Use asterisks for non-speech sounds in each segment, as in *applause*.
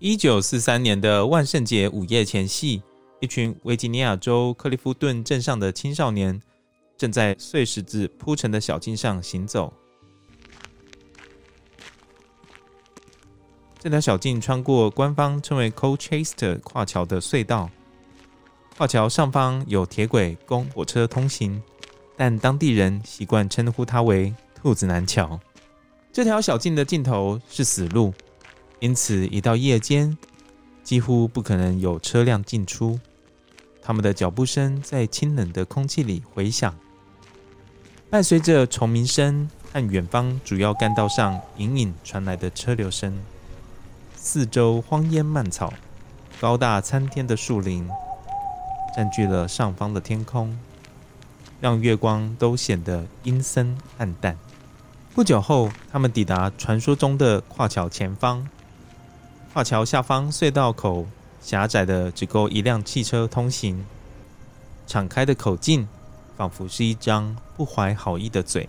一九四三年的萬聖節午夜前夕，一群維吉尼亞州克利夫頓鎮上的青少年正在碎石子鋪成的小徑上行走。這條小徑穿過官方稱為 Colchester 跨橋的隧道，跨橋上方有鐵軌供火車通行，但當地人習慣稱呼它為“兔子男橋”。這條小徑的盡頭是死路。因此，一到夜間，幾乎不可能有車輛進出。他們的腳步聲在清冷的空氣裡回響，伴隨着蟲鳴聲和遠方主要幹道上隱隱傳來的車流聲。四周荒煙蔓草，高大參天的樹林占據了上方的天空，讓月光都顯得陰森暗淡。不久後，他們抵達傳說中的跨橋前方。跨橋下方隧道口狹窄的，只夠一輛汽車通行。敞開的口徑仿佛是一張不懷好意的嘴，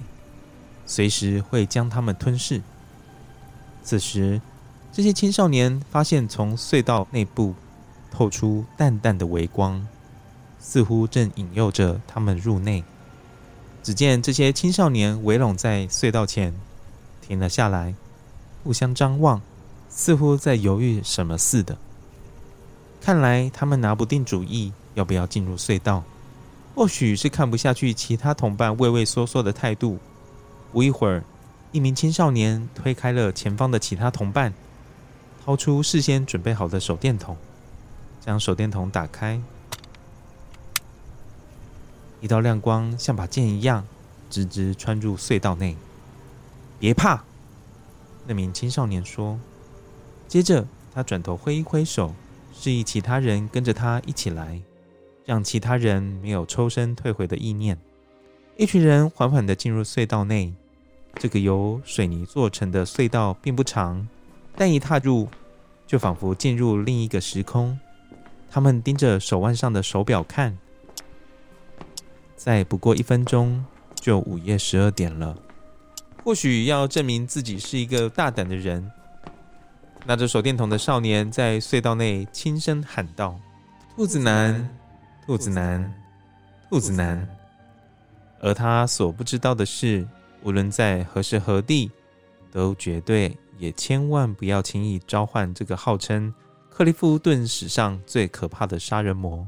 隨時會將他們吞噬。此時，這些青少年發現從隧道內部透出淡淡的微光，似乎正引誘着他們入內。只見這些青少年圍攏在隧道前，停了下來，互相張望。似乎在猶豫什麼似的。看來他們拿不定主意要不要進入隧道，或許是看不下去其他同伴畏畏縮縮的態度。不一會兒，一名青少年推開了前方的其他同伴，掏出事先準備好的手電筒，將手電筒打開，一道亮光像把劍一樣，直直穿入隧道內。“別怕！”那名青少年說。接着，他轉頭揮一揮手，示意其他人跟着他一起來，讓其他人沒有抽身退回的意念。一群人緩緩地進入隧道內。這個由水泥做成的隧道並不長，但一踏入，就仿佛進入另一個時空。他們盯着手腕上的手表看，再不過一分鐘，就午夜十二點了。或許要證明自己是一個大膽的人。拿着手電筒的少年在隧道內輕聲喊道：“兔子男，兔子男，兔子男，兔子男。”而他所不知道的是，無論在何時何地，都絕對也千萬不要輕易召喚這個號稱克利夫頓史上最可怕的殺人魔。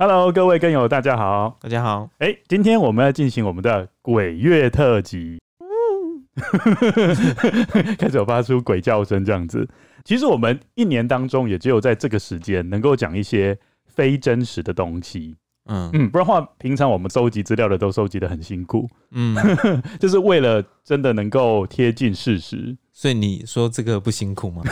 Hello，各位根友大家好，大家好，誒、欸，今天我們要進行我們的鬼月特輯，呼 *laughs* *laughs* 開始有發出鬼叫聲這樣子。其實我們一年當中也只有在這個時間能夠講一些非真實的東西。嗯嗯，不然的話，平常我們收集資料的都收集得很辛苦，嗯， *laughs* 就是為了真的能夠貼近事實。所以你說這個不辛苦嗎？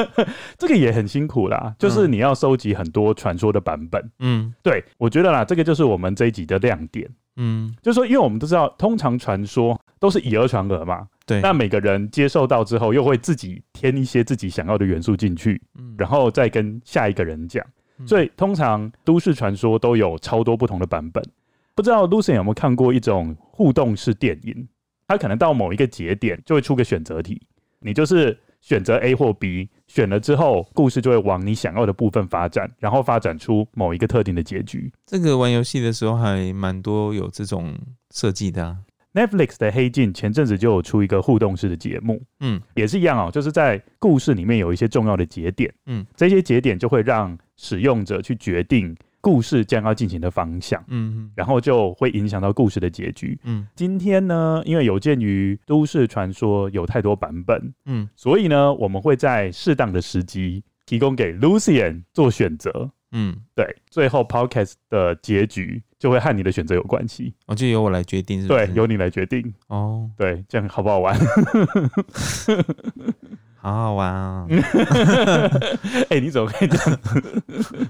*laughs* 這個也很辛苦啦，就是你要收集很多傳說的版本。嗯，對，我覺得啦，這個就是我們這一集的亮點。嗯，就是說，因為我們都知道，通常傳說都是以訛傳訛嘛。對，那每個人接受到之後，又會自己添一些自己想要的元素進去，嗯，然後再跟下一個人講。所以通常都市傳說都有超多不同的版本，不知道 Lucien 有沒有看過一種互動式電影？它可能到某一個節點就會出個選擇題，你就是選擇 A 或 B，選了之後故事就會往你想要的部分發展，然後發展出某一個特定的結局。這個玩遊戲的時候還蠻多有這種設計的啊。Netflix 的《黑鏡》前陣子就有出一個互動式的節目，嗯，也是一樣哦、喔，就是在故事裡面有一些重要的節點，嗯，這些節點就會讓使用者去決定故事將要進行的方向，嗯，然後就會影響到故事的結局。嗯，今天呢，因為有鑒於都市傳說有太多版本，嗯，所以呢，我們會在適當的時機提供給 Lucien 做選擇，嗯，對，最後 Podcast 的結局就會和你的選擇有關係。哦，就由我來決定是不是？對，由你來決定哦，對，這樣好不好玩？ *laughs* *laughs* 好好玩啊，哦！哎，你怎麼可以這樣？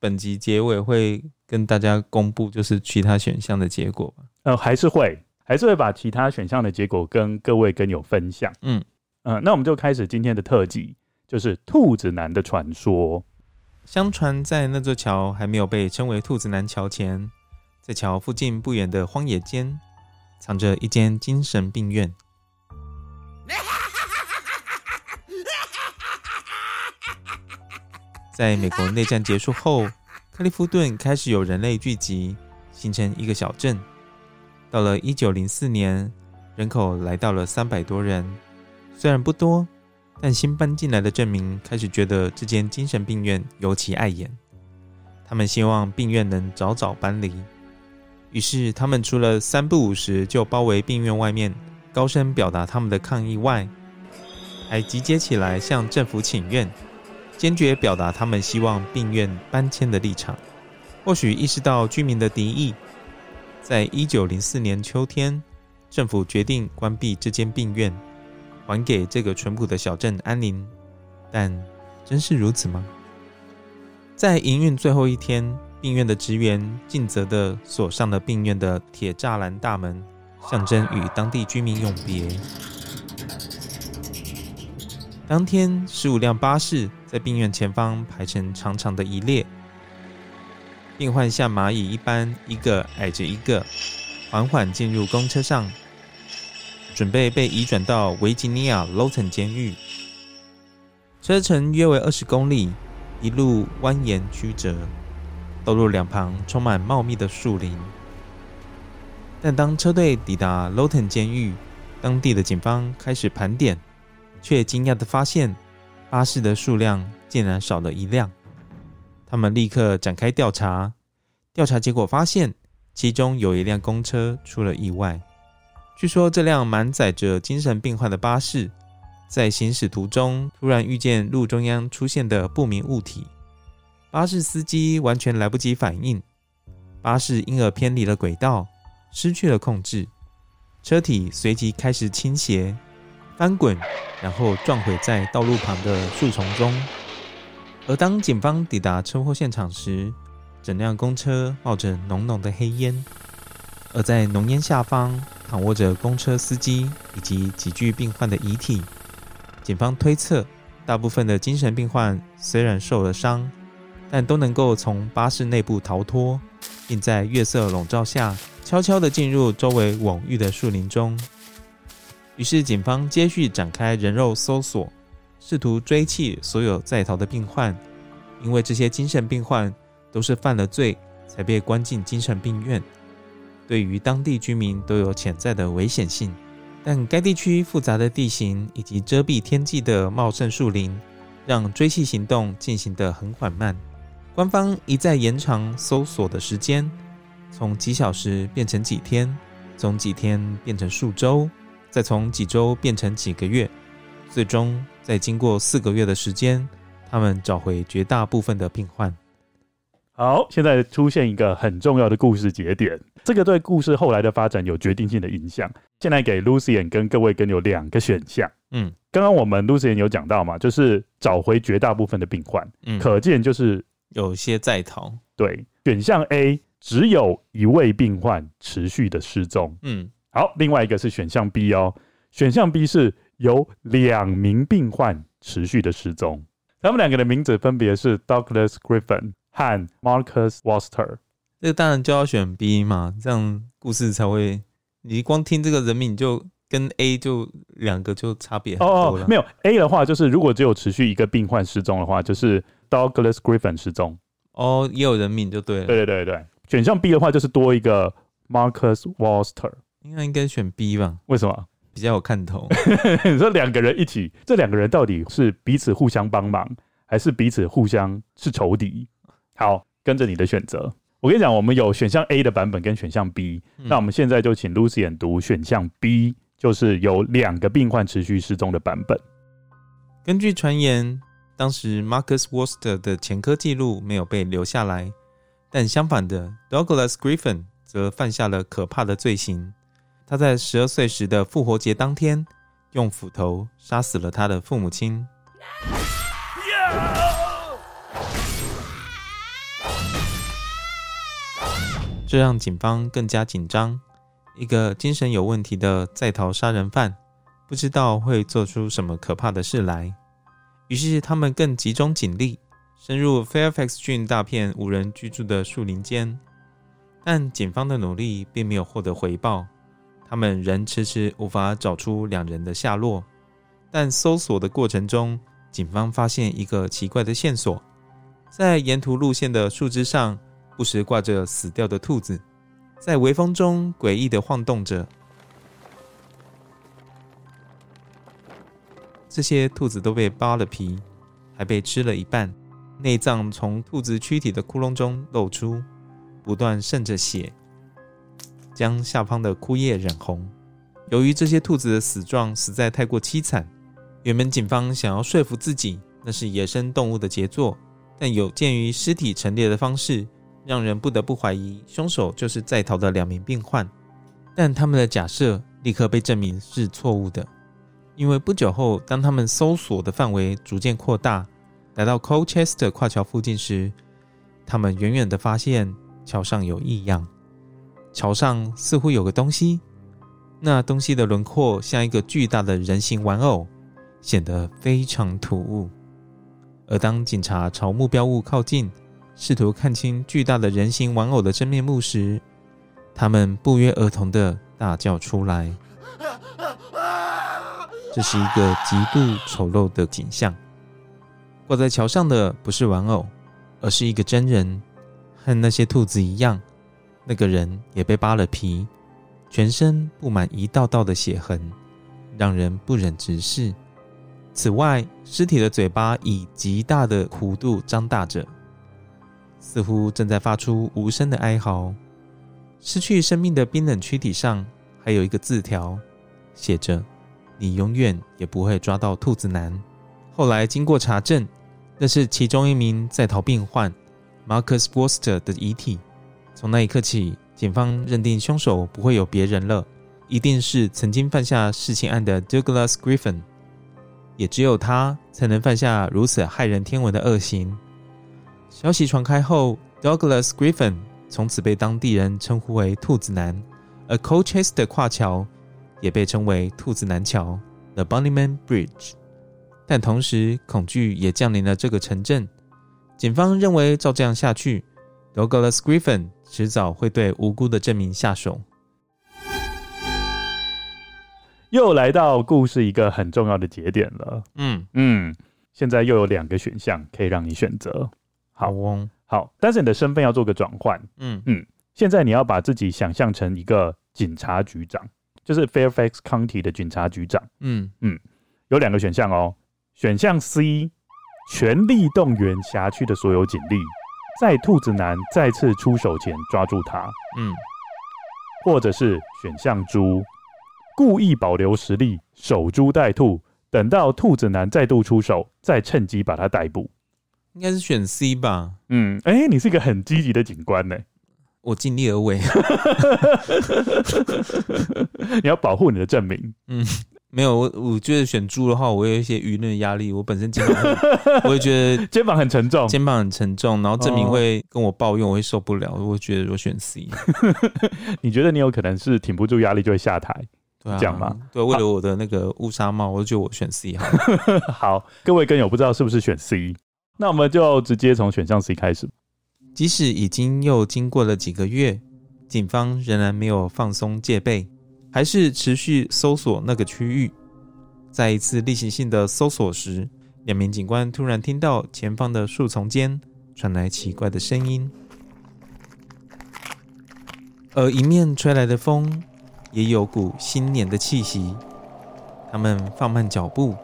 本集結尾會跟大家公布就是其他選項的結果。呃，還是會，還是會把其他選項的結果跟各位跟友分享。嗯、呃、那我們就開始今天的特輯，就是兔子男的傳說。相傳在那座橋還沒有被稱為兔子男橋前，在橋附近不遠的荒野間，藏着一間精神病院。 *laughs* 在美國內戰結束後，克利夫頓開始有人類聚集，形成一個小鎮。到了1904年，人口來到了300多人，雖然不多，但新搬進來的鎮民開始覺得這間精神病院尤其礙眼。他們希望病院能早早搬離，於是他們除了三不五時就包圍病院外面，高聲表達他們的抗議外，還集結起來向政府請願。堅決表達他們希望病院搬遷的立場。或許意識到居民的敵意，在一九零四年秋天，政府決定關閉這間病院，還給這個淳樸的小鎮安寧。但真是如此嗎？在營運最後一天，病院的職員盡責地鎖上了病院的鐵柵欄大門，象徵與當地居民永別。當天，十五輛巴士。在病院前方排成長長的一列，病患像螞蟻一般，一個挨着一個，緩緩進入公車上，準備被移轉到維吉尼亞洛滕監獄。車程約為二十公里，一路蜿蜒曲折，道路兩旁充滿茂密的樹林。但當車隊抵達洛滕監獄，當地的警方開始盤點，卻驚訝地發現。巴士的數量竟然少了一輛，他們立刻展開調查。調查結果發現，其中有一輛公車出了意外。據說這輛滿載着精神病患的巴士，在行駛途中突然遇見路中央出現的不明物體，巴士司機完全來不及反應，巴士因而偏離了軌道，失去了控制，車體隨即開始傾斜。翻滾，然後撞毀在道路旁的樹叢中。而當警方抵達車禍現場時，整輛公車冒着濃濃的黑煙，而在濃煙下方躺臥着公車司機以及幾具病患的遺體。警方推測，大部分的精神病患雖然受了傷，但都能夠從巴士內部逃脫，並在月色籠罩下悄悄地進入周圍蓊鬱的樹林中。於是，警方接續展開人肉搜索，試圖追緝所有在逃的病患，因為這些精神病患都是犯了罪才被關進精神病院，對於當地居民都有潛在的危險性。但該地區複雜的地形以及遮蔽天際的茂盛樹林，讓追緝行動進行得很緩慢。官方一再延長搜索的時間，從幾小時變成幾天，從幾天變成數週。再從幾周變成幾個月，最終再經過四個月的時間，他們找回絕大部分的病患。好，現在出現一個很重要的故事節點，這個對故事後來的發展有決定性的影響。現在給 Lucien 跟各位根友兩個選項。嗯，剛剛我們 Lucien 有講到嘛，就是找回絕大部分的病患。嗯，可見就是有些在逃。對，選項 A 只有一位病患持續的失蹤。嗯。好，另外一個是選項 B 哦。選項 B 是有兩名病患持續的失蹤，他們兩個的名字分別是 Douglas Griffin 和 Marcus Walster。這個當然就要選 B 嘛，這樣故事才會。你光聽這個人名就跟 A 就兩個就差別哦,哦，沒有 A 的話就是如果只有持續一個病患失蹤的話，就是 Douglas Griffin 失蹤哦，也有人名就對了。對對對對，選項 B 的話就是多一個 Marcus Walster。應該應該選 B 吧？為什麼？比較有看頭。 *laughs* 你說兩個人一起，這兩個人到底是彼此互相幫忙，還是彼此互相是仇敵？好，跟着你的選擇。我跟你講，我們有選項 A 的版本跟選項 B，嗯。那我們現在就請 Lucien 讀選項 B，就是有兩個病患持續失蹤的版本。根據傳言，當時 Marcus Worcester 的前科記錄沒有被留下來，但相反的，Douglas Griffin 則犯下了可怕的罪行。他在十二歲時的復活節當天，用斧頭殺死了他的父母親，這讓警方更加緊張。一個精神有問題的在逃殺人犯，不知道會做出什麼可怕的事來。於是，他們更集中警力，深入 Fairfax 郡大片無人居住的樹林間。但警方的努力並沒有獲得回報。他們仍遲遲無法找出兩人的下落，但搜索的過程中，警方發現一個奇怪的線索：在沿途路線的樹枝上，不時掛着死掉的兔子，在微風中詭異的晃動着。這些兔子都被扒了皮，還被吃了一半，內臟從兔子軀體的窟窿中露出，不斷滲着血。將下方的枯葉染紅。由於這些兔子的死狀實在太過淒慘，原本警方想要說服自己那是野生動物的傑作，但有鑑於屍體陳列的方式，讓人不得不懷疑凶手就是在逃的兩名病患。但他們的假設立刻被證明是錯誤的，因為不久後，當他們搜索的範圍逐漸擴大，來到 Colchester 跨橋附近時，他們遠遠地發現橋上有異樣。橋上似乎有個東西，那東西的輪廓像一個巨大的人形玩偶，顯得非常突兀。而當警察朝目標物靠近，試圖看清巨大的人形玩偶的真面目時，他們不約而同的大叫出來。這是一個極度醜陋的景象。掛在橋上的不是玩偶，而是一個真人，和那些兔子一樣。那個人也被扒了皮，全身佈滿一道道的血痕，讓人不忍直視。此外，屍體的嘴巴以極大的弧度張大着，似乎正在發出無聲的哀嚎。失去生命的冰冷軀體上還有一個字條，寫着：“你永遠也不會抓到兔子男。”後來經過查證，那是其中一名在逃病患，Marcus Foster 的遺體。從那一刻起，警方認定兇手不會有別人了，一定是曾經犯下弑親案的 Douglas Griffin。也只有他才能犯下如此駭人聽聞的惡行。消息傳開後，Douglas Griffin 從此被當地人稱呼為“兔子男”。而 Colchester 的跨橋也被稱為“兔子男橋 ”（The Bunnyman Bridge）。但同時，恐懼也降臨了這個城鎮。警方認為，照這樣下去，Douglas Griffin。遲早會對無辜的鎮民下手。又來到故事一個很重要的節點了。嗯嗯，現在又有兩個選項可以讓你選擇。好哦，好，但是你的身份要做個轉換。嗯嗯，現在你要把自己想象成一個警察局長，就是 Fairfax County 的警察局長。嗯嗯，有兩個選項哦、喔。選項 C，全力動員轄區的所有警力。在兔子男再次出手前抓住他，嗯，或者是選項 D 故意保留實力，守株待兔，等到兔子男再度出手，再趁機把他逮捕，應該是選 C 吧？嗯，哎、欸，你是一個很積極的警官呢、欸，我盡力而為， *laughs* *laughs* 你要保護你的證明，嗯。沒有我，我覺得選豬的話，我有一些輿論壓力。我本身肩膀，我也覺得肩膀很沉重， *laughs* 肩膀很沉重，肩膀很沉重。然後證明會跟我抱怨，哦、我會受不了。我會覺得我選 C。 *laughs* 你覺得你有可能是挺不住壓力就會下台，這樣、啊、嗎？對，為了我的那個烏紗帽，啊、我就覺得我選 C 啊。 *laughs* 好，各位根友不知道是不是選 C，那我們就直接從選項 C 開始。即使已經又經過了幾個月，警方仍然沒有放鬆戒備。還是持續搜索那個區域。在一次例行性的搜索時，兩名警官突然聽到前方的樹叢間傳來奇怪的聲音，而迎面吹來的風也有股新年的氣息。他們放慢腳步，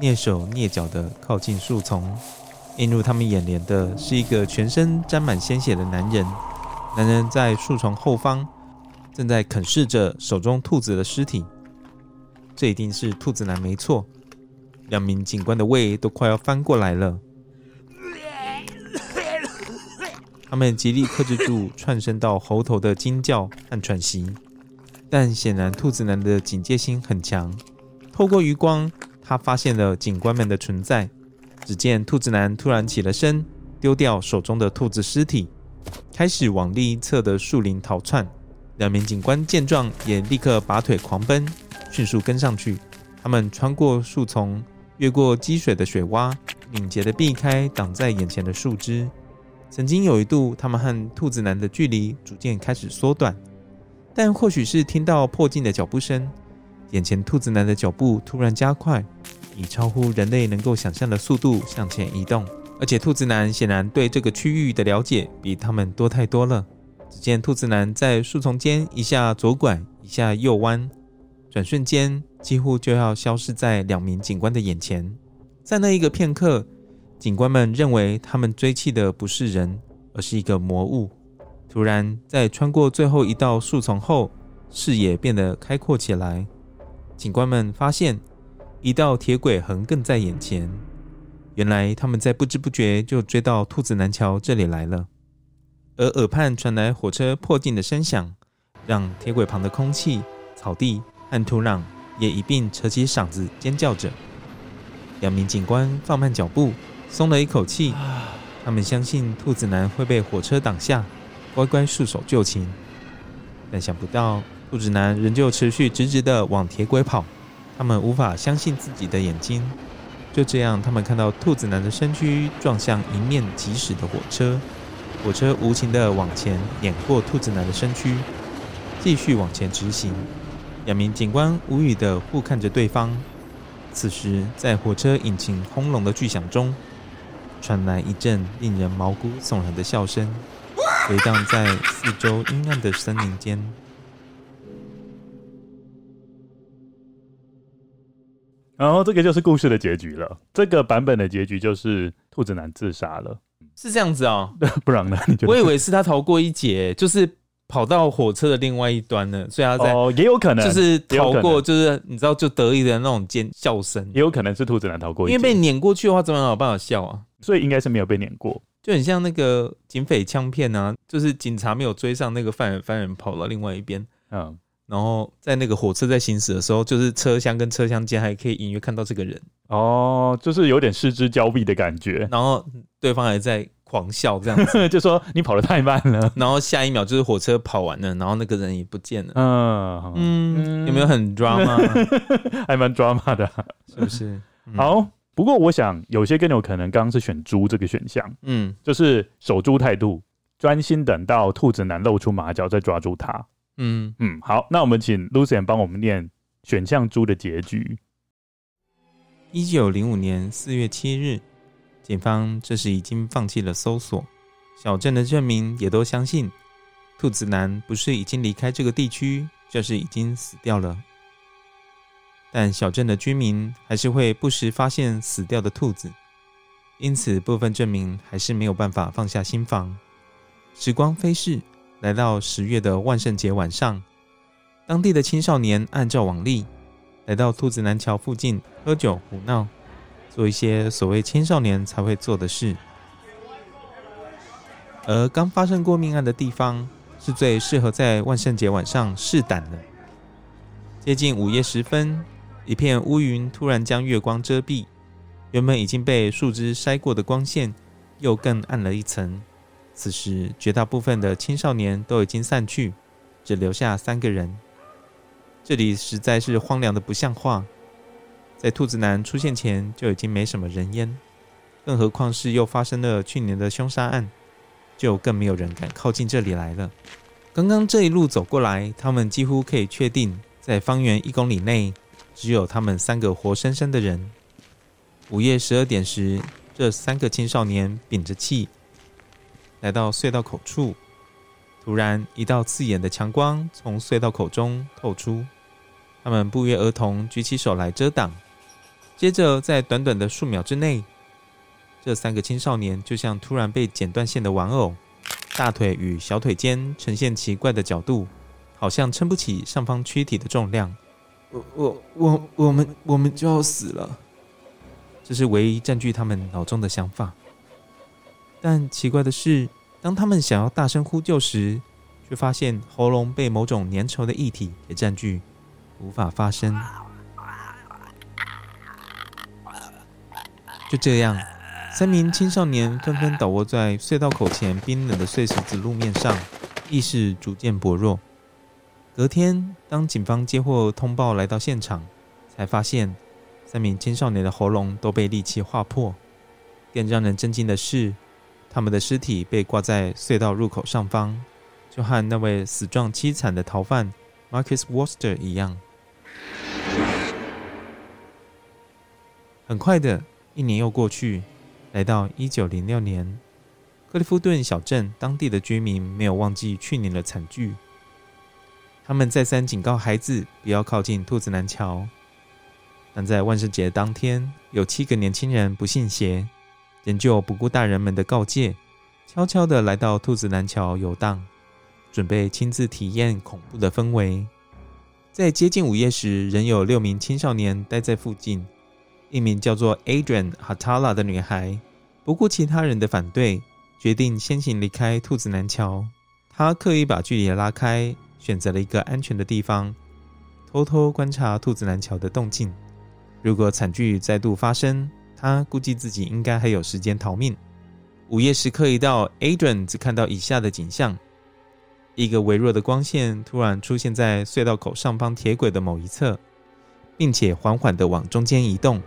躡手躡腳的靠近樹叢，映入他們眼簾的是一個全身沾滿鮮血的男人。男人在樹叢後方，正在啃噬着手中兔子的屍體，這一定是兔子男沒錯。兩名警官的胃都快要翻過來了， *laughs* 他們極力克制住竄升到喉頭的驚叫和喘息，但顯然兔子男的警戒心很強。透過餘光，他發現了警官們的存在。只見兔子男突然起了身，丟掉手中的兔子屍體，開始往另一側的樹林逃竄。兩名警官見狀，也立刻拔腿狂奔，迅速跟上去。他們穿過樹叢，越過積水的雪窪，敏捷的避開擋在眼前的樹枝。曾經有一度，他們和兔子男的距離逐漸開始縮短，但或許是聽到迫近的腳步聲，眼前兔子男的腳步突然加快，以超乎人類能夠想象的速度向前移動。而且，兔子男顯然對這個區域的了解比他們多太多了。只見兔子男在樹叢間一下左拐，一下右彎，轉瞬間幾乎就要消失在兩名警官的眼前。在那一個片刻，警官們認為他們追緝的不是人，而是一個魔物。突然，在穿過最後一道樹叢後，視野變得開闊起來。警官們發現一道鐵軌橫亘在眼前，原來他們在不知不覺就追到兔子男橋這裡來了。而耳畔傳來火車迫近的聲響，讓鐵軌旁的空氣、草地和土壤也一併扯起嗓子尖叫着。兩名警官放慢腳步，鬆了一口氣。他們相信兔子男會被火車擋下，乖乖束手就擒。但想不到，兔子男仍舊持續直直的往鐵軌跑。他們無法相信自己的眼睛。就這樣，他們看到兔子男的身軀撞向迎面疾駛的火車。火車無情的往前碾過兔子男的身軀，繼續往前直行。兩名警官無語的互看着對方。此時，在火車引擎轟隆的巨響中，傳來一陣令人毛骨悚然的笑聲，回盪在四周陰暗的森林間。然後、哦，這個就是故事的結局了。這個版本的結局就是兔子男自殺了。是這樣子啊、喔， *laughs* 不然呢？你我以為是他逃過一劫，就是跑到火車的另外一端了，所以他在哦，也有可能就是逃過，就是你知道，就得意的那種尖笑聲，也有可能是兔子男逃過一劫，因為被攆過去的話，怎麼有辦法笑啊？所以應該是沒有被攆過，就很像那個警匪槍片啊，就是警察沒有追上那個犯人，犯人跑到另外一邊，嗯。然後在那個火車在行駛的時候，就是車廂跟車廂間還可以隱約看到這個人哦，就是有點失之交臂的感覺。然後對方還在狂笑，這樣子 *laughs* 就說你跑得太慢了。然後下一秒就是火車跑完了，然後那個人也不見了。嗯嗯，嗯有沒有很 drama？ *laughs* 還蠻 drama 的，是不是？嗯、好，不過我想有些根友可能剛剛是選豬這個選項，嗯，就是守株態度，專心等到兔子男露出馬腳再抓住他。嗯嗯，好，那我們請 Lucien 幫我們念選項豬的結局。一九零五年四月七日，警方這時已經放棄了搜索，小鎮的居民也都相信兔子男不是已經離開這個地區，就是已經死掉了。但小鎮的居民還是會不時發現死掉的兔子，因此部分鎮民還是沒有辦法放下心防。時光飛逝。來到十月的萬聖節晚上，當地的青少年按照往例，來到兔子男橋附近喝酒胡鬧，做一些所謂青少年才會做的事。而剛發生過命案的地方，是最適合在萬聖節晚上試膽的。接近午夜時分，一片烏雲突然將月光遮蔽，原本已經被樹枝篩過的光線，又更暗了一層。此時，絕大部分的青少年都已經散去，只留下三個人。這裡實在是荒涼得不像話，在兔子男出現前就已經沒什麼人煙，更何況是又發生了去年的兇殺案，就更沒有人敢靠近這裡來了。剛剛這一路走過來，他們幾乎可以確定，在方圓一公里內，只有他們三個活生生的人。午夜十二點時，這三個青少年屏着氣。來到隧道口處，突然一道刺眼的強光從隧道口中透出，他們不約而同舉起手來遮擋。接着，在短短的數秒之內，這三個青少年就像突然被剪斷線的玩偶，大腿與小腿間呈現奇怪的角度，好像撐不起上方軀體的重量。我我我我們我們就要死了，這是唯一占據他們腦中的想法。但奇怪的是，當他們想要大聲呼救時，卻發現喉嚨被某種粘稠的液體給佔據，無法發聲。就這樣，三名青少年紛紛倒臥在隧道口前冰冷的碎石子路面上，意識逐漸薄弱。隔天，當警方接獲通報來到現場，才發現三名青少年的喉嚨都被利器劃破。更讓人震驚的是……他們的屍體被掛在隧道入口上方，就和那位死狀淒慘的逃犯 Marcus Worcester 一樣。很快的一年又過去，來到一九零六年，克利夫頓小鎮當地的居民沒有忘記去年的慘劇，他們再三警告孩子不要靠近兔子男橋，但在萬聖節當天，有七個年輕人不信邪。仍舊不顧大人們的告誡，悄悄地來到兔子男橋遊蕩，準備親自體驗恐怖的氛圍。在接近午夜時，仍有六名青少年待在附近。一名叫做 Adrian Hattala 的女孩，不顧其他人的反對，決定先行離開兔子男橋。她刻意把距離拉開，選擇了一個安全的地方，偷偷觀察兔子男橋的動靜。如果慘劇再度發生，他估計自己應該還有時間逃命。午夜時刻一到，Adrian 只看到以下的景象：一個微弱的光線突然出現在隧道口上方鐵軌的某一側，並且緩緩的往中間移動。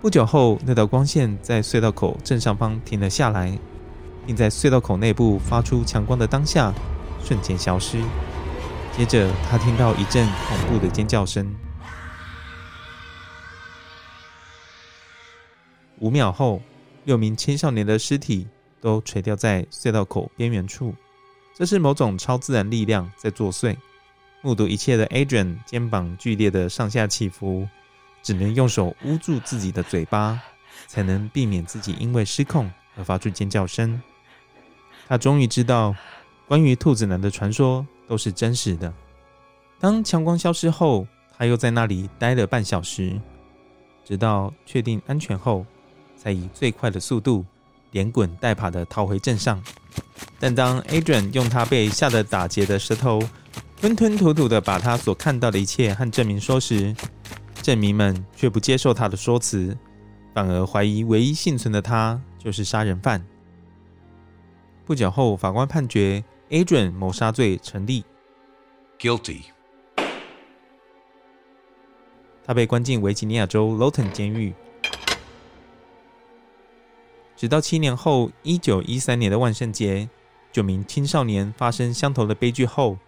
不久後，那道光線在隧道口正上方停了下來，並在隧道口內部發出強光的當下，瞬間消失。接着，他聽到一陣恐怖的尖叫聲。五秒後，六名青少年的屍體都垂吊在隧道口邊緣處。這是某種超自然力量在作祟。目睹一切的 Adrian 肩膀劇烈的上下起伏，只能用手捂住自己的嘴巴，才能避免自己因為失控而發出尖叫聲。他終於知道，關於兔子男的傳說都是真實的。當強光消失後，他又在那裡待了半小時，直到確定安全後。才以最快的速度連滾帶爬的逃回鎮上，但當 Adrian 用他被嚇得打結的舌頭吞吞吐、吐吐的把他所看到的一切和證明說時，鎮民們卻不接受他的說辭，反而懷疑唯一幸存的他就是殺人犯。不久後，法官判決 Adrian 謀殺罪成立，Guilty。Gu ilty. 他被關進維吉尼亞州 Lorton 監獄。直到七年後，一九一三年的萬聖節，九名青少年發生相同的悲劇後，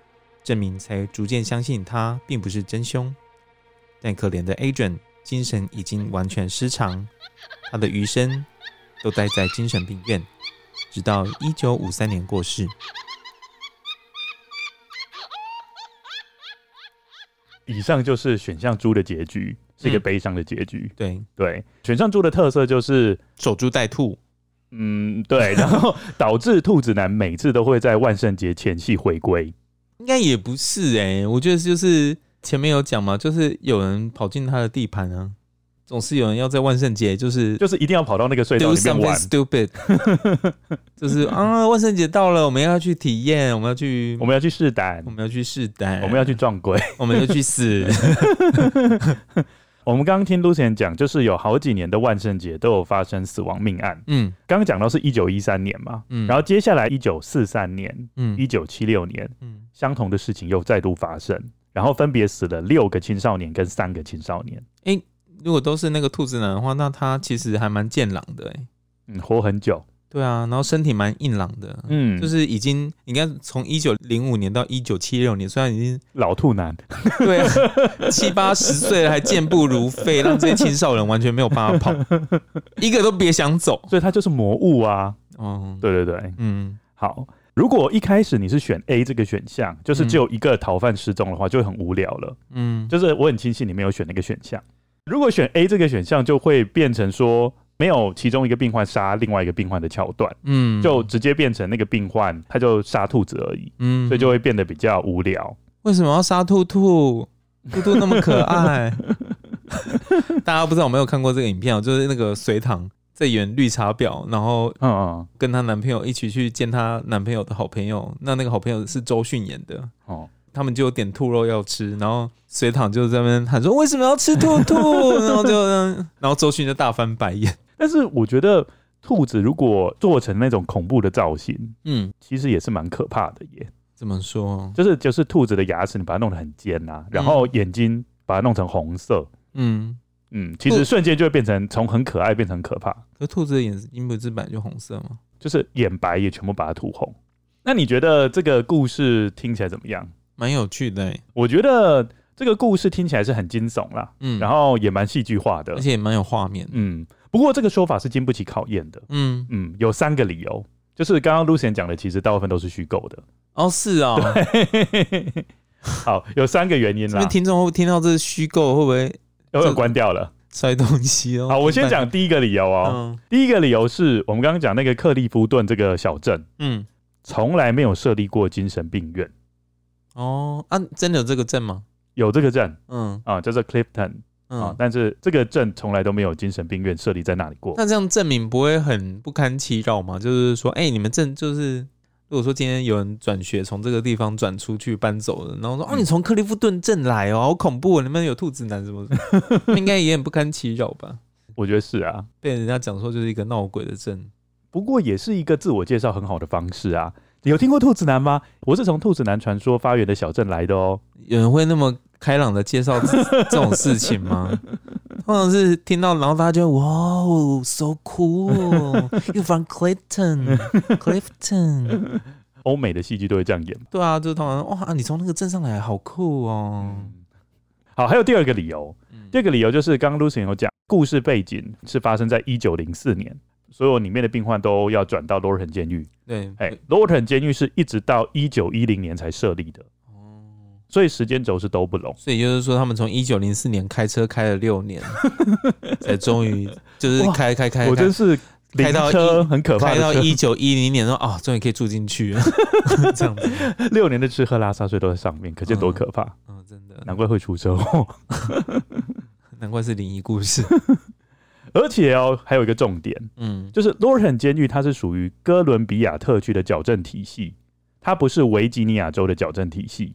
證明才逐漸相信他並不是真兇。但可憐的 Adrian 精神已經完全失常，他的餘生都待在精神病院，直到一九五三年過世。以上就是選項豬的結局。嗯、是一個悲傷的結局。對對，全上豬的特色就是守株待兔。嗯，對。然後導致兔子男每次都會在萬聖節前夕回歸。應該也不是哎、欸，我覺得就是前面有講嘛，就是有人跑進他的地盤啊，總是有人要在萬聖節，就是就是一定要跑到那個隧道裡面玩。something stupid。 *laughs* 就是啊，萬聖節到了，我們要去體驗，我們要去， *laughs* 我們要去試膽，我們要去試膽，我們要去撞鬼， *laughs* 我們要去死。 *laughs* 我們剛剛聽 Lucien 講，就是有好幾年的萬聖節都有發生死亡命案。嗯，剛剛講到是一九一三年嘛，嗯，然後接下來一九四三年，嗯，一九七六年，嗯，相同的事情又再度發生，然後分別死了六個青少年跟三個青少年。哎，如果都是那個兔子男的話，那他其實還蠻健朗的誒，嗯，活很久。對啊，然後身體蠻硬朗的，嗯，就是已經應該從一九零五年到一九七六年，雖然已經老兔男，對啊，七八十歲了還健步如飛，讓這些青少年完全沒有辦法跑，一個都別想走，所以他就是魔物啊，嗯，對對對，嗯，好，如果一開始你是選 A 這個選項，就是只有一個逃犯失蹤的話，就會很無聊了，嗯，就是我很慶幸你沒有選那個選項，如果選 A 這個選項，就會變成說。沒有其中一個病患殺另外一個病患的橋段，嗯，就直接變成那個病患他就殺兔子而已，嗯，所以就會變得比較無聊。為什麼要殺兔兔？兔兔那麼可愛， *laughs* *laughs* 大家不知道我沒有看過這個影片哦、啊，就是那個隋棠在演綠茶婊，然後嗯嗯跟她男朋友一起去見她男朋友的好朋友，那那個好朋友是周迅演的哦，他們就點兔肉要吃，然後隋棠就在那邊喊說為什麼要吃兔兔， *laughs* 然後就然後周迅就大翻白眼。但是我覺得兔子如果做成那種恐怖的造型，嗯，其實也是蠻可怕的耶。怎麼說？就是就是兔子的牙齒，你把它弄得很尖吶、啊，嗯、然後眼睛把它弄成紅色，嗯嗯，其實瞬間就會變成從很可愛變成可怕。那兔子的眼睛不是本來就紅色嗎？就是眼白也全部把它塗紅。那你覺得這個故事聽起來怎麼樣？蠻有趣的、欸。我覺得這個故事聽起來是很驚悚啦，嗯，然後也蠻戲劇化的，而且也蠻有畫面，嗯。不過這個說法是經不起考驗的。嗯嗯，有三個理由，就是剛剛 Lucien 講的，其實大部分都是虛構的。哦，是啊、哦。對 *laughs* 好，有三個原因了。因為聽眾會，會聽到這是虛構，會不會，會不會關掉了摔東西哦。好，我先講第一個理由哦。嗯、第一個理由是我們剛剛講那個克利夫頓這個小鎮，嗯，從來沒有設立過精神病院。哦，啊，真的有這個鎮嗎？有這個鎮，嗯，啊，叫做 Clifton。啊！嗯嗯、但是這個鎮從來都沒有精神病院設立在那裡過。那這樣鎮民不會很不堪其擾嗎？就是說，哎、欸，你們鎮就是如果說今天有人轉學從這個地方轉出去搬走了，然後說哦，啊嗯、你從克利夫頓鎮來哦、喔，好恐怖、喔！你們有兔子男什麼？ *laughs* 應該也很不堪其擾吧？我覺得是啊，被人家講說就是一個鬧鬼的鎮。不過也是一個自我介紹很好的方式啊！你有聽過兔子男嗎？我是從兔子男傳說發源的小鎮來的哦、喔。有人會那麼？開朗的介紹這種事情嗎？或者 *laughs* 是聽到，然後大家就哇，so cool，you found Clifton，Clifton，歐美的戲劇都會這樣演。對啊，就是通常說哇，你從那個鎮上來，好酷哦、嗯。好，還有第二個理由，嗯、第二個理由就是剛剛 Lucy 有講，故事背景是發生在一九零四年，所有裡面的病患都要轉到 Lorton 監獄。對，哎，Lorton 監獄是一直到一九一零年才設立的。所以時間軸是都不攏，所以就是說，他們從一九零四年開車開了六年，才終於就是開開開,開,開,開,開,開1，我真是開到車很可怕，開到一九一零年哦，終於可以住進去了， *laughs* 這樣子六年的吃喝拉撒睡都在上面，可見多可怕。嗯，嗯，真的，難怪會出車禍，哦、 *laughs* 難怪是靈異故事。 *laughs* 而且哦，還有一個重點，嗯，就是洛頓監獄它是屬於哥倫比亞特區的矯正體系，它不是維吉尼亞州的矯正體系。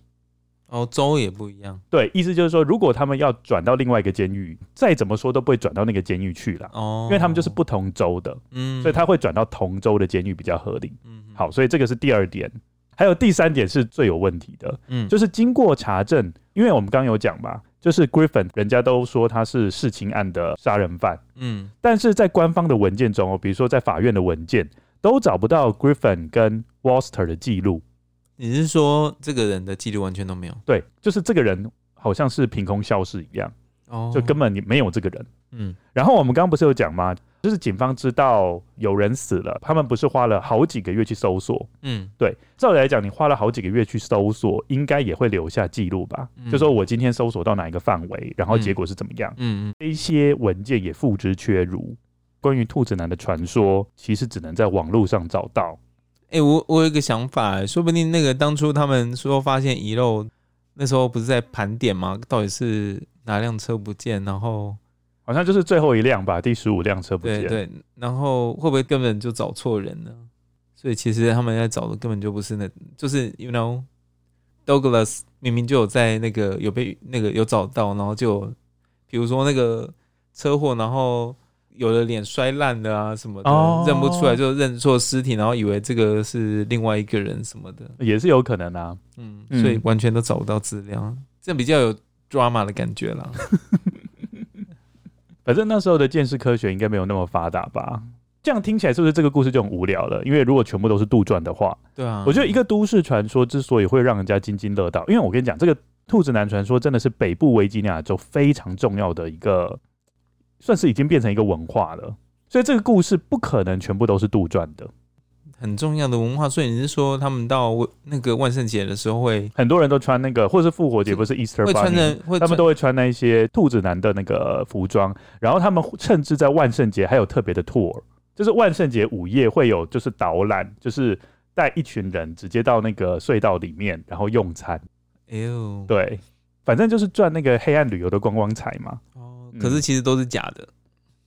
哦，州也不一樣，對，意思就是說，如果他們要轉到另外一個監獄，再怎麼說都不會轉到那個監獄去了，哦，因為他們就是不同州的，嗯，所以他會轉到同州的監獄比較合理，嗯，好，所以這個是第二點，還有第三點是最有問題的，嗯，就是經過查證，因為我們剛有講嘛，就是 Griffin 人家都說他是弒親案的殺人犯，嗯，但是在官方的文件中哦，比如說在法院的文件都找不到 Griffin 跟 Wallster 的記錄。你是說這個人的記錄完全都沒有？對，就是這個人好像是憑空消失一樣，哦，oh, 就根本你沒有這個人。嗯，然後我們剛剛不是有講嗎？就是警方知道有人死了，他們不是花了好幾個月去搜索？嗯，對，照理來講，你花了好幾個月去搜索，應該也會留下記錄吧？嗯、就說我今天搜索到哪一個範圍，然後結果是怎麼樣？嗯嗯，嗯這一些文件也付之闕如。關於兔子男的傳說，嗯、其實只能在網絡上找到。哎、欸，我我有一個想法，說不定那個當初他們說發現遺漏，那時候不是在盤點嗎？到底是哪輛車不見？然後好像就是最後一輛吧，第十五輛車不見。對對，然後會不會根本就找錯人呢？所以其實他們在找的根本就不是那，就是 you know Douglas 明明就有在那個有被那個有找到，然後就比如說那個車禍，然後。有的臉摔爛的啊，什麼的、oh. 認不出來就認錯屍體，然後以為這個是另外一個人什麼的，也是有可能啊。嗯，嗯所以完全都找不到資料，這樣比較有 drama 的感覺啦。 *laughs* 反正那時候的鑑識科學應該沒有那麼發達吧？這樣聽起來是不是這個故事就很無聊了？因為如果全部都是杜撰的話，對啊，我覺得一個都市傳說之所以會讓人家津津樂道，因為我跟你講，這個兔子男傳說真的是北部維吉尼亞州非常重要的一個。算是已經變成一個文化了，所以這個故事不可能全部都是杜撰的。很重要的文化，所以你是說他們到那個萬聖節的時候，會很多人都穿那個，或者是復活節不是 Easter，會穿着，他們都會穿那一些兔子男的那個服裝。然後他們甚至在萬聖節還有特別的 tour，就是萬聖節午夜會有就是導覽，就是帶一群人直接到那個隧道裡面，然後用餐。哎呦，對，反正就是賺那個黑暗旅遊的觀光財嘛。可是其實都是假的，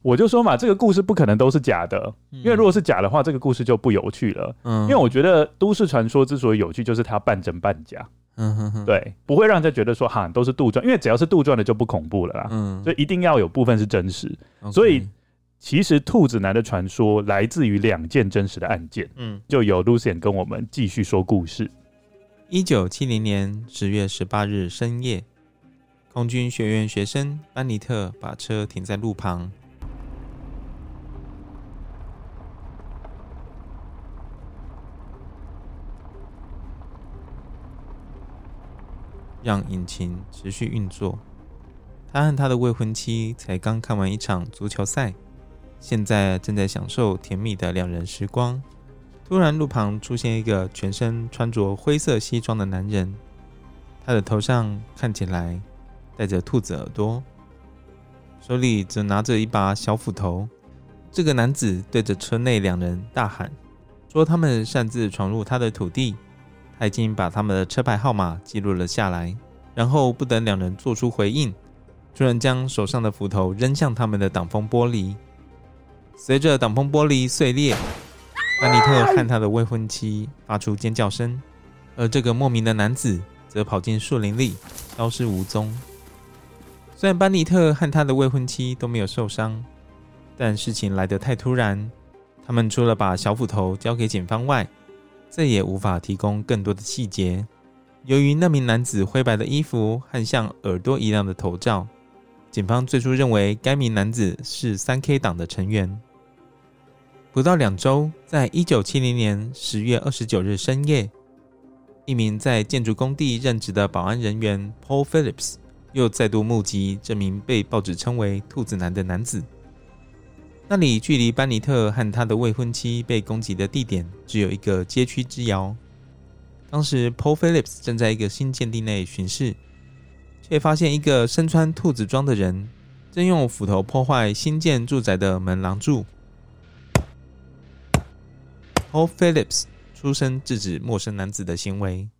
我就說嘛，這個故事不可能都是假的，嗯、因為如果是假的話，這個故事就不有趣了。嗯，因為我覺得都市傳說之所以有趣，就是它半真半假。嗯哼、哼，對，不會讓人家覺得說哈都是杜撰，因為只要是杜撰的就不恐怖了啦。嗯，所以一定要有部分是真實。嗯、所以其實兔子男的傳說來自於兩件真實的案件。嗯，就由 Lucien 跟我們繼續說故事。一九七零年十月十八日深夜，空軍學院學生班尼特把車停在路旁，讓引擎持續運作。他和他的未婚妻才剛看完一場足球賽，現在正在享受甜蜜的兩人時光。突然，路旁出現一個全身穿着灰色西裝的男人，他的頭上看起來帶着兔子耳朵，手裡則拿着一把小斧頭。這個男子對着車內兩人大喊，說他們擅自闖入他的土地。他已經把他們的車牌號碼記錄了下來。然後不等兩人做出回應，突然將手上的斧頭扔向他們的擋風玻璃。隨着擋風玻璃碎裂，班尼特和他的未婚妻發出尖叫聲。而這個莫名的男子則跑進樹林裡，消失無蹤。雖然班尼特和他的未婚妻都沒有受傷，但事情來得太突然，他們除了把小斧頭交給警方外，再也無法提供更多的細節。由於那名男子灰白的衣服和像耳朵一樣的頭罩，警方最初認為該名男子是三 K 黨的成員。不到兩周，在一九七零年十月二十九日深夜，一名在建築工地任職的保安人員 Paul Phillips。又再度目擊這名被報紙稱為“兔子男”的男子。那裡距離班尼特和他的未婚妻被攻擊的地點只有一個街區之遙。當時，Paul Phillips 正在一個新建地內巡視，卻發現一個身穿兔子裝的人正用斧頭破壞新建住宅的門廊柱。Paul Phillips 出聲制止陌生男子的行為。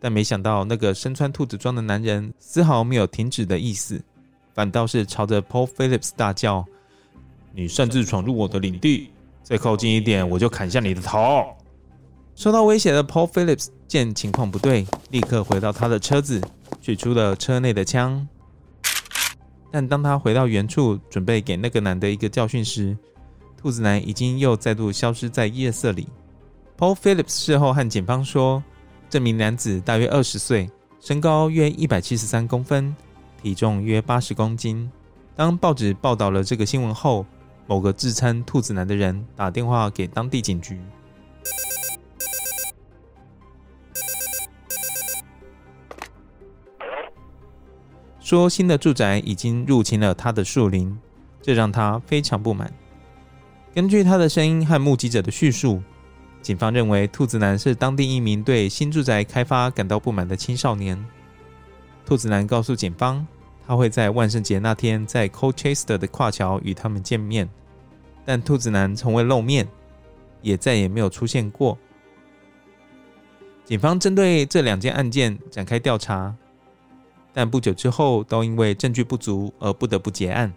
但沒想到，那個身穿兔子裝的男人絲毫沒有停止的意思，反倒是朝着 Paul Phillips 大叫：“你擅自闖入我的領地，再靠近一點，我就砍下你的頭！”受到威脅的 Paul Phillips 見情況不對，立刻回到他的車子，取出了車內的槍。但當他回到原處，準備給那個男的一個教訓時，兔子男已經又再度消失在夜色裡。Paul Phillips 事後和警方說。這名男子大約二十歲，身高約一百七十三公分，體重約八十公斤。當報紙報道了這個新聞後，某個自稱“兔子男”的人打電話給當地警局，說新的住宅已經入侵了他的樹林，這讓他非常不滿。根據他的聲音和目擊者的敘述，警方認為，兔子男是當地一名對新住宅開發感到不滿的青少年。兔子男告訴警方，他會在萬聖節那天在 Colchester 的跨橋與他們見面，但兔子男從未露面，也再也沒有出現過。警方針對這兩件案件展開調查，但不久之後都因為證據不足而不得不結案。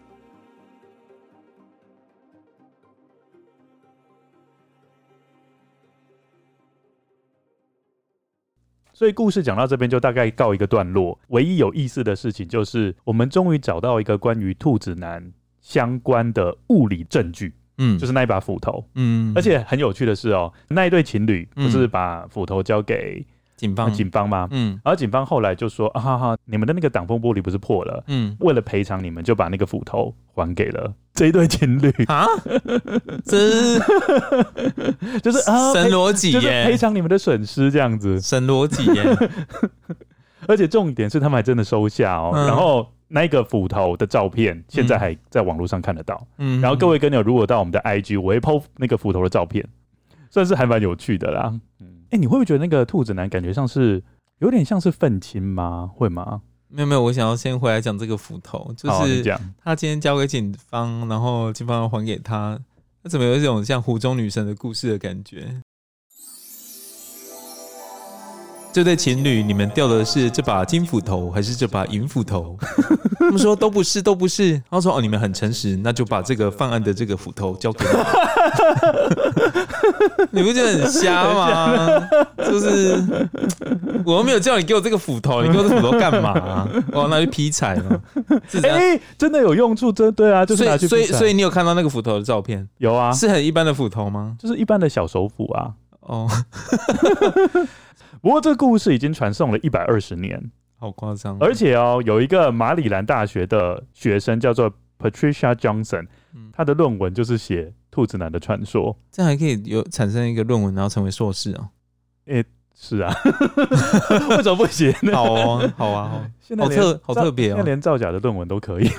所以故事講到這邊就大概告一個段落。唯一有意思的事情就是，我們終於找到一個關於兔子男相關的物理證據，嗯，就是那一把斧頭，嗯，而且很有趣的是哦，那一對情侶不是把斧頭交給警方，嗯、警方嗎？嗯，而警方後來就說：“啊哈，你們的那個擋風玻璃不是破了？嗯，為了賠償你們，就把那個斧頭還給了這一對情侶啊， *laughs* 這是 *laughs* 就是啊，神邏輯耶，賠償、就是、你們的損失這樣子，神邏輯耶。 *laughs* 而且重點是，他們還真的收下哦。嗯、然後那個斧頭的照片，現在還在網絡上看得到。嗯，然後各位根友，如果到我們的 IG，我會 po 那個斧頭的照片，算是還蠻有趣的啦。”哎、欸，你會不會覺得那個兔子男，感覺像是有點像是憤青嗎？會嗎？沒有沒有，我想要先回來講這個斧頭，就是他今天交給警方，然後警方還給他，他怎麼有一種像湖中女神的故事的感覺？這對情侶，你們掉的是這把金斧頭還是這把銀斧頭？ *laughs* *laughs* 他們說都不是，都不是。他說哦，你們很誠實，那就把這個犯案的這個斧頭交給我。 *laughs* 你不覺得很瞎嗎？就是我又沒有叫你給我這個斧頭，你給我這個斧頭幹嘛哦、啊，那就劈柴了哎，是樣欸、真的有用處，真對啊。就是所以，所以，所以你有看到那個斧頭的照片？有啊，是很一般的斧頭嗎？就是一般的小手斧啊。哦， *laughs* *laughs* 不過這個故事已經傳送了一百二十年，好誇張、哦。而且哦，有一個馬里蘭大學的學生叫做 Patricia Johnson，他的論文就是寫。兔子男的傳說，這樣還可以有產生一個論文，然後成為碩士哦、喔。哎、欸，是啊， *laughs* 為什麼不行呢 *laughs* 好、哦。好啊好好，好啊、哦，現在好特好特別哦，連造假的論文都可以。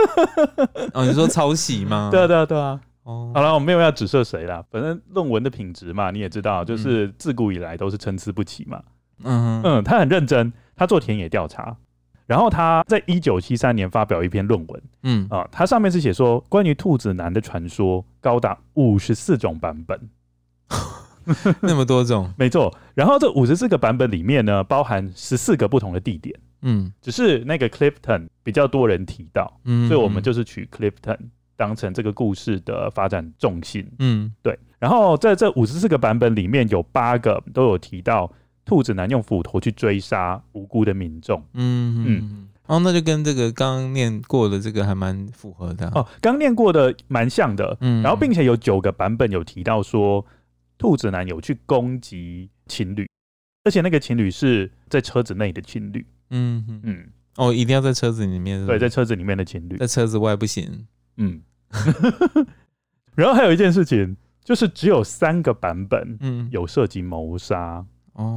*laughs* 哦，你說抄襲嗎？ *laughs* 對，對，對啊，對啊，對啊。哦，好了，我沒有要指涉誰啦。反正論文的品質嘛，你也知道，就是自古以來都是參差不齊嘛。嗯嗯，他很認真，他做田野調查。然後他在一九七三年發表一篇論文，嗯啊、呃，他上面是寫說，關於兔子男的傳說高達五十四種版本。 *laughs* 那麼多種，沒錯。然後這五十四個版本裡面呢，包含十四個不同的地點，嗯，只是那個 Clifton 比較多人提到，嗯，所以我們就是取 Clifton 當成這個故事的發展重心，嗯，對。然後在這五十四個版本裡面有八個都有提到，兔子男用斧頭去追殺無辜的民眾。嗯哼哼嗯，後、哦、那就跟這個剛念過的這個還蠻符合的、啊。哦，剛念過的蠻像的。嗯哼，然後並且有九個版本有提到說，兔子男有去攻擊情侶，而且那個情侶是在車子內的情侶。嗯哼嗯，哦，一定要在車子裡面是不是？對，在車子裡面的情侶，在車子外不行。嗯。 *laughs* *laughs* 然後還有一件事情，就是只有三個版本，嗯，有涉及謀殺。嗯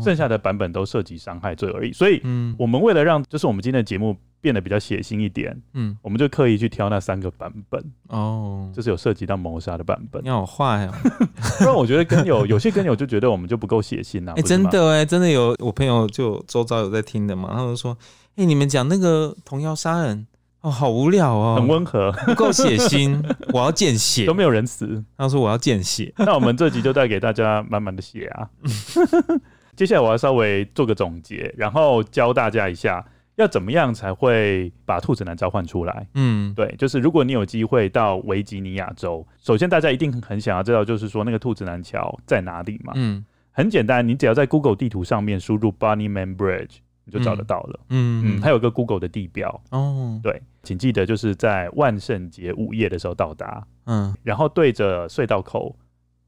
剩下的版本都涉及傷害罪而已，所以我們為了讓就是我們今天的節目變得比較血腥一點，嗯，我們就刻意去挑那三個版本哦，就是有涉及到謀殺的版本、哦。你好壞哦！ *laughs* 不然我覺得跟友有些跟友就覺得我們就不夠血腥啊。哎、欸，真的哎、欸，真的有我朋友就周遭有在聽的嘛，他就說：“哎、欸，你們講那個童謠殺人哦，好無聊哦，很溫和，不夠血腥。」我要見血，都沒有人死。”他說：“我要見血。”那我們這集就帶給大家滿滿的血啊！ *laughs* 接下來我要稍微做個總結，然後教大家一下要怎麼樣才會把兔子男召喚出來。嗯，對，就是如果你有機會到維吉尼亞州，首先大家一定很想要知道，就是說那個兔子男橋在哪裡嘛。嗯，很簡單，你只要在 Google 地圖上面輸入 Bunny Man Bridge，你就找得到了。嗯嗯，還、嗯嗯、有一個 Google 的地標哦。對，請記得就是在萬聖節午夜的時候到達。嗯，然後對着隧道口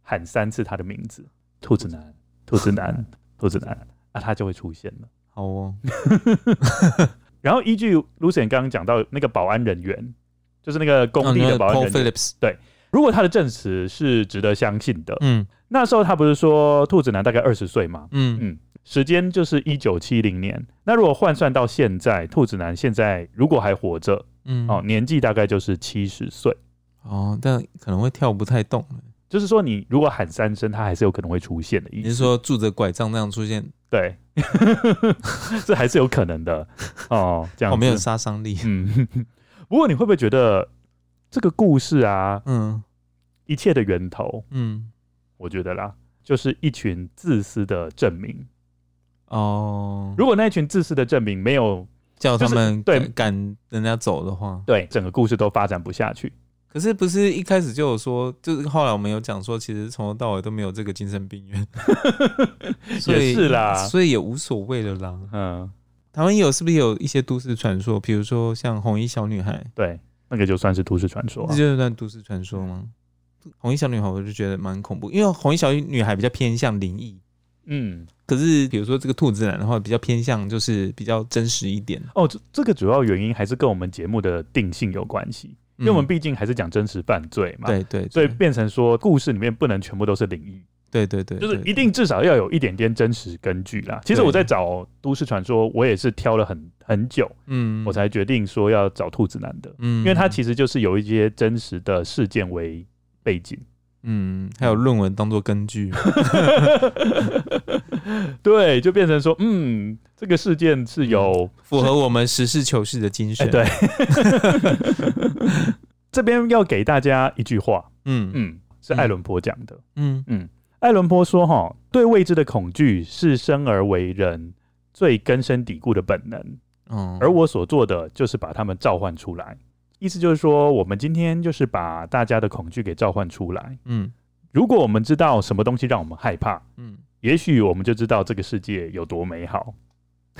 喊三次他的名字：兔子男，兔子男。 *laughs* 兔子男，那的、啊、他就會出現了。好哦。 *laughs* *laughs* 然後依據 Lucien 剛剛講到那個保安人員，就是那個工地的保安人員，oh, 對，如果他的證詞是值得相信的，嗯，那時候他不是說兔子男大概二十歲嗎？嗯嗯，時間就是一九七零年。那如果換算到現在，兔子男現在如果還活着，嗯，哦，年紀大概就是七十歲，哦，但可能會跳不太動。就是說，你如果喊三聲，他還是有可能會出現的。你是說，拄着拐杖那樣出現？對， *laughs* 這還是有可能的 *laughs* 哦。這樣我沒有殺傷力。嗯，不過你會不會覺得這個故事啊，嗯，一切的源頭，嗯，我覺得啦，就是一群自私的鎮民。哦，如果那一群自私的鎮民沒有叫他們、就是、對，趕人家走的話，對，整個故事都發展不下去。可是不是一開始就有說，就是後來我們有講說，其實從頭到尾都沒有這個精神病院。 *laughs* 也是啦，所以是啦，所以也無所謂了啦。嗯，嗯，台灣有是不是有一些都市傳說？比如說像紅衣小女孩，對，那個就算是都市傳說，啊，這就算都市傳說嗎？紅衣小女孩我就覺得蠻恐怖，因為紅衣小女孩比較偏向靈異。嗯。可是比如說這個兔子男的話，比較偏向就是比較真實一點。哦，這這個主要原因還是跟我們節目的定性有關係。因為我們畢竟還是講真實犯罪嘛，嗯、對，對對，所以變成說故事裡面不能全部都是靈異，對對，對對對，就是一定至少要有一點點真實根據啦。對，其實我在找都市傳說，我也是挑了很很久，嗯，我才決定說要找兔子男的，嗯，因為它其實就是有一些真實的事件為背景。嗯，還有論文當做根據， *laughs* *laughs* 對，就變成說，嗯，這個事件是有符合我們實事求是的精神、欸。對， *laughs* *laughs* 這邊要給大家一句話，嗯嗯，是愛倫坡講的，嗯嗯，愛倫坡說，哈，對未知的恐懼是生而為人最根深蒂固的本能，哦、而我所做的就是把他們召喚出來。意思就是說，我們今天就是把大家的恐懼給召喚出來。嗯，如果我們知道什麼東西讓我們害怕，嗯，也許我們就知道這個世界有多美好。 *laughs*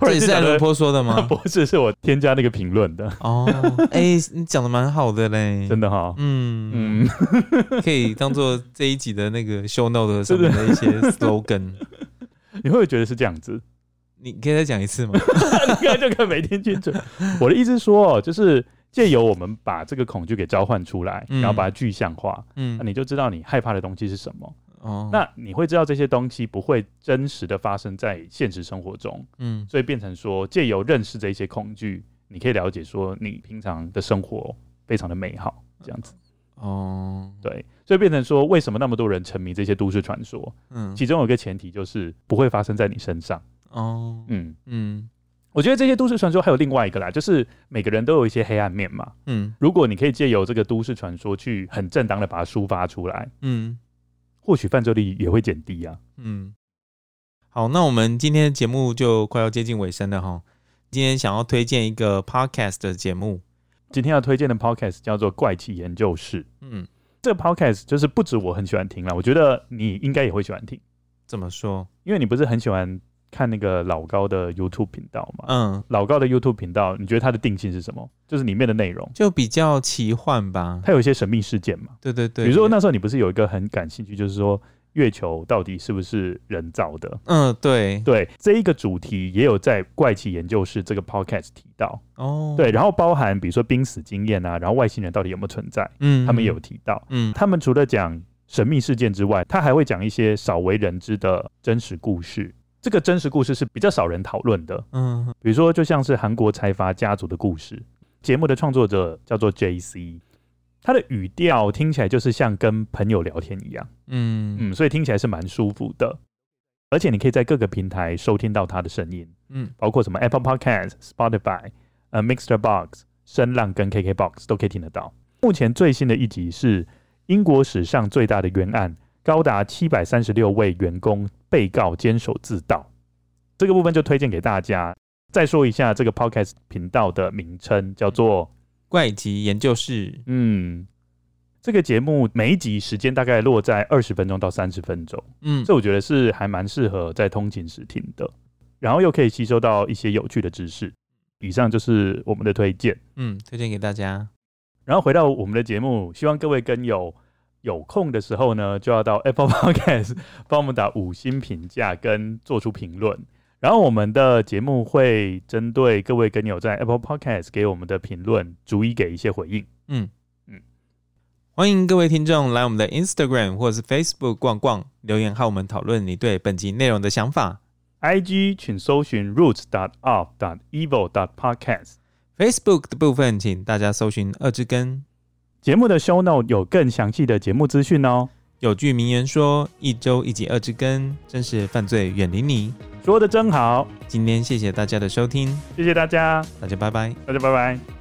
這也是愛倫坡說的嗎？不是，是我添加那個評論的。哦，哎、欸，你講的蠻好的嘞， *laughs* 真的哈、哦。嗯嗯， *laughs* 可以當做這一集的那個 show note 的什麼的一些 slogan。就是笑你會不會覺得是這樣子？你可以再講一次嗎？ *laughs* *laughs* 你看就可以沒聽清楚。 *laughs* 我的意思說，就是借由我們把這個恐懼給召喚出來，嗯、然後把它具象化，嗯、那你就知道你害怕的東西是什麼。哦、那你會知道這些東西不會真實的發生在現實生活中。嗯，所以變成說，借由認識這些恐懼，你可以了解說，你平常的生活非常的美好，這樣子。哦、嗯，對，所以變成說，為什麼那麼多人沉迷這些都市傳說？嗯，其中有一個前提就是不會發生在你身上。哦，嗯、oh, 嗯，嗯，我覺得這些都市傳說還有另外一個啦，就是每個人都有一些黑暗面嘛。嗯，如果你可以借由這個都市傳說去很正當的把它抒發出來，嗯，或許犯罪率也會減低啊。嗯，好，那我們今天的節目就快要接近尾聲了哈。今天想要推薦一個 podcast 的節目，今天要推薦的 podcast 叫做《怪奇研究室》。嗯，這個 podcast 就是不止我很喜歡聽了，我覺得你應該也會喜歡聽。怎麼說？因為你不是很喜歡。看那個老高的 YouTube 頻道嘛，嗯，老高的 YouTube 頻道，你覺得它的定性是什麼？就是裡面的內容就比較奇幻吧，它有一些神秘事件嘛，對對對。比如說那時候你不是有一個很感興趣，就是說月球到底是不是人造的？嗯，對對，這一個主題也有在怪奇研究室這個 Podcast 提到哦，對，然後包含比如說瀕死經驗啊，然後外星人到底有沒有存在？嗯哼，他們也有提到，嗯，他們除了講神秘事件之外，他還會講一些少為人知的真實故事。這個真實故事是比較少人討論的，嗯，比如說就像是韓國財閥家族的故事。節目的創作者叫做 J.C.，他的語調聽起來就是像跟朋友聊天一樣，嗯嗯，所以聽起來是蠻舒服的。而且你可以在各個平台收聽到他的聲音，嗯，包括什麼 Apple Podcast、Spotify、呃、Mixer Box、聲浪跟 KK Box 都可以聽得到。目前最新的一集是英國史上最大的冤案。高達七百三十六位員工被告監守自盜，這個部分就推薦給大家。再說一下這個 Podcast 頻道的名稱，叫做“怪奇研究室”。嗯，這個節目每一集時間大概落在二十分鐘到三十分鐘。嗯，這我覺得是還蠻適合在通勤時聽的，然後又可以吸收到一些有趣的知識。以上就是我們的推薦，嗯，推薦給大家。然後回到我們的節目，希望各位根友。有空的時候呢，就要到 Apple Podcast 幫我們打五星評價跟做出評論。然後我們的節目會針對各位根友在 Apple Podcast 給我們的評論，逐一給一些回應。嗯嗯，嗯歡迎各位聽眾來我們的 Instagram 或是 Facebook 逛逛，留言和我們討論你對本集內容的想法。IG 請搜尋 roots dot of dot evil dot podcast。Facebook 的部分，請大家搜尋惡之根。節目的 Show Note 有更詳細的節目資訊哦。有句名言說：“一周一集惡之根”，真是犯罪遠離你，說得真好。今天謝謝大家的收聽，謝謝大家，大家拜拜，大家拜拜。